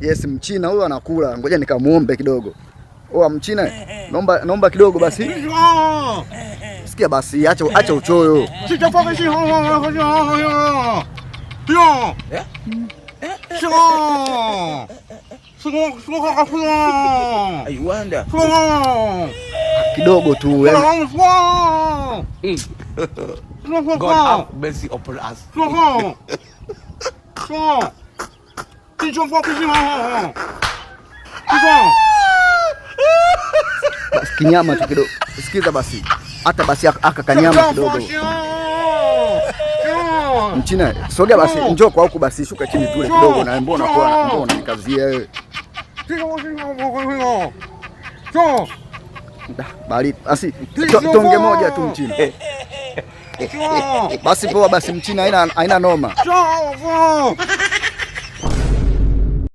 yes, mchina huyo anakula, ngoja nikamuombe kidogo. Oa mchina, naomba naomba kidogo basi. Sikia basi, acha acha uchoyo. Kidogo tu. Basi kinyama tu kidogo. Sikiza basi. Hata basi aka kanyama kidogo. Mchina, sogea basi, njoo kwa huku basi, shuka chini tule kidogo na mbona kwa mbona nikazia Bali basi tonge moja tu mchina. Basi poa basi mchina aina aina noma.